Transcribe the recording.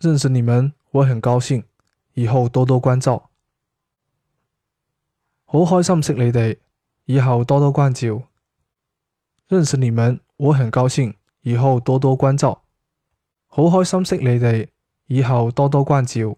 認識你們我很高興，以後多多關照。好開心識你哋，以後多多關照。認識你們我很高興，以後多多關照。好開心識你哋，以後多多關照。